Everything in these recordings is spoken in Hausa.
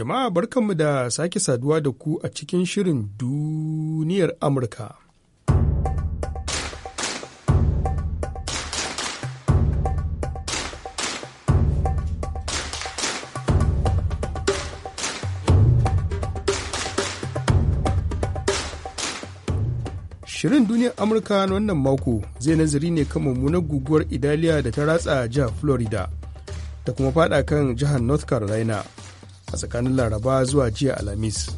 Jama'a barkanmu da sake saduwa da ku a cikin shirin duniyar Amurka. Shirin duniyar Amurka na wannan mako zai nazari ne kan mummunar guguwar Idaliya da ta ratsa jihar Florida, ta kuma fada kan jihar North Carolina. a tsakanin laraba zuwa jiya alhamis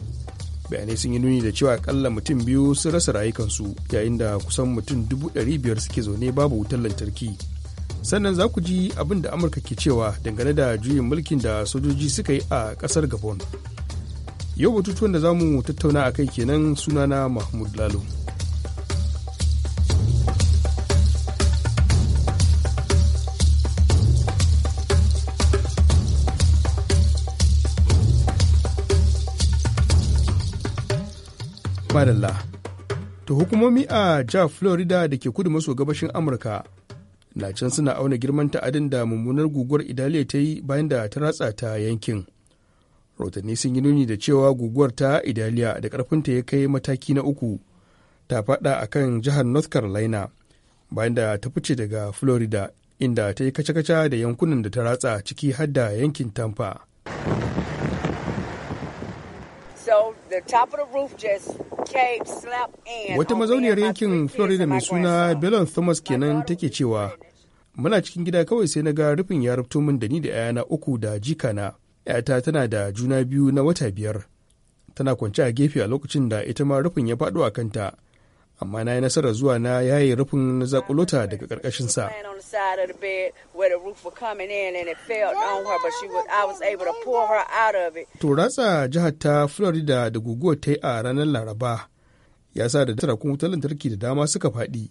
bayanai sun yi nuni da cewa akalla mutum biyu sun rasa rayukansu yayin da kusan mutum dubu ɗari biyar suke zaune babu wutar lantarki sannan za ku ji abin da amurka ke cewa dangane da juyin mulkin da sojoji suka yi a ƙasar gabon yau batutuwan da zamu mu tattauna a kai kenan sunana mahmud lalo madalla. To hukumomi a jihar Florida da ke kudu maso gabashin Amurka na can suna auna girman ta'adin da mummunar guguwar Idaliya ta yi bayan da ta ratsa ta yankin. Rotanni sun yi nuni da cewa guguwar ta Idaliya da ƙarfinta ya kai mataki na uku ta faɗa a kan jihar North Carolina bayan da ta fice daga Florida inda ta yi kaca-kaca da yankunan da ta ratsa ciki har da yankin Tampa. So the top of Wata mazauniyar yankin Florida mai suna Belon Thomas kenan take cewa, Muna cikin gida kawai sai na ga rufin ya rufto min da ni da 'ya'yana uku da jikana. 'yata tana da juna biyu na wata biyar. Tana kwance a gefe a lokacin da ita ma rufin ya faɗo a kanta. amma na yi nasarar zuwa na yaye rufin na zakulota daga ƙarƙashinsa. Turatsa jihar ta Florida da guguwar ta yi a ranar Laraba ya sa da tara kuma wutar lantarki da dama suka faɗi.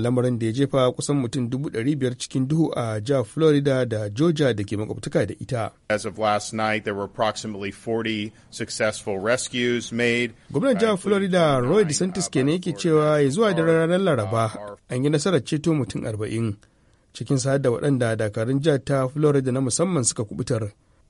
lamarin da ya jefa kusan mutum biyar cikin duhu a jihar florida da georgia da ke makwabtaka da ita as of last night there were approximately 40 successful rescues made gwamnan jihar florida roy desantis ne yake cewa ya zuwa da ranar laraba an yi nasarar ceto mutum 40 cikin sa da waɗanda dakarun jihar ta florida na musamman suka kubutar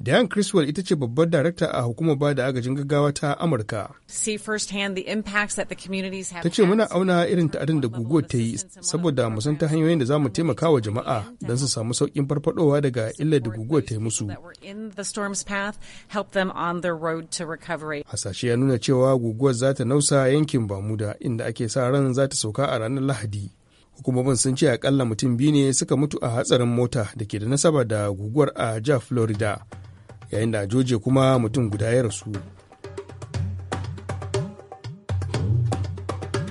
Diane Criswell ita ce babbar darakta a hukumar ba da agajin gaggawa ta Amurka. Ta ce muna auna irin ta'adin da guguwar ta yi saboda mu san ta hanyoyin da za mu taimaka wa jama'a don su samu sauƙin farfadowa daga illar da guguwar ta yi musu. Hasashe ya nuna cewa guguwar za ta nausa yankin Bamuda inda ake sa ran za ta sauka a ranar Lahadi. hukumomin sun ce akalla mutum biyu ne suka mutu a hatsarin mota da ke da nasaba da guguwar a jihar florida yayin da a kuma mutum guda ya rasu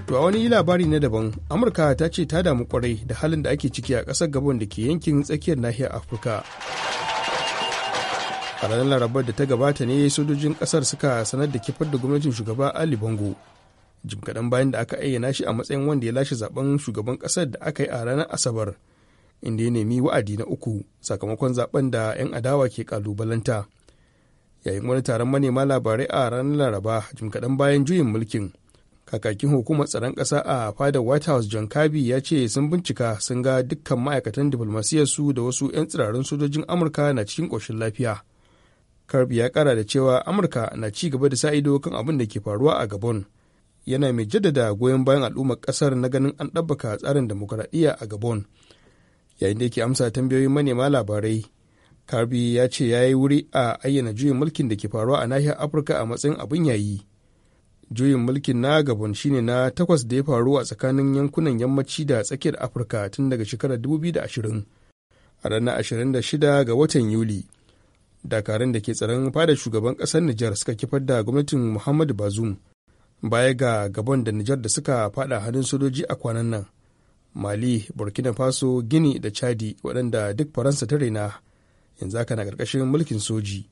To a wani labari na daban, Amurka ta ce ta damu kwarai da halin da ake ciki a ƙasar Gabon da ke yankin tsakiyar nahiyar Afirka. A ranar Larabar da ta gabata ne sojojin ƙasar suka sanar da kifar da gwamnatin shugaba Ali Bongo jim kaɗan bayan da aka ayyana shi a matsayin wanda ya lashe zaben shugaban ƙasar da aka yi a ranar asabar inda ya nemi wa'adi na uku sakamakon zaben da 'yan adawa ke kalubalanta yayin wani taron manema labarai a ranar laraba jim kaɗan bayan juyin mulkin kakakin hukumar tsaron ƙasa a fada white house john kirby ya ce sun bincika sun ga dukkan ma'aikatan diflomasiyarsu da wasu 'yan tsirarin sojojin amurka na cikin ƙoshin lafiya kirby ya kara da cewa amurka na ci gaba da sa kan abin da ke faruwa a gabon yana mai jaddada goyon bayan al'ummar kasar na ganin an ɗabbaka tsarin demokuraɗiyya a gabon yayin da yake amsa tambayoyin manema labarai karbi ya ce ya yi wuri a ayyana juyin mulkin da ke faruwa a nahiyar afirka a matsayin abin yayi juyin mulkin na gabon shine na takwas da ya faru a tsakanin yankunan yammaci da tsakiyar afirka tun daga shekarar 2020 a ranar 26 ga watan yuli dakarun da ke tsaron fadar shugaban ƙasar nijar suka kifar da gwamnatin muhammadu bazum baya ga gabon da nijar da suka fada hannun sojoji a kwanan nan mali burkina faso gini da chadi waɗanda duk faransa ta raina yanzu haka na ƙarƙashin mulkin soji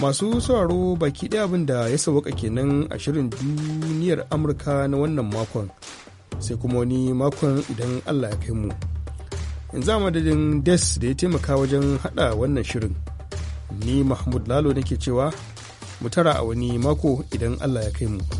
masu sauraro baki ɗaya abin da ya sauka kenan a shirin duniyar amurka na wannan makon sai kuma wani makon idan allah ya kai mu yanzu a madadin des da ya taimaka wajen hada wannan shirin ni mahmud lalo nake cewa mu tara a wani mako idan allah ya kai mu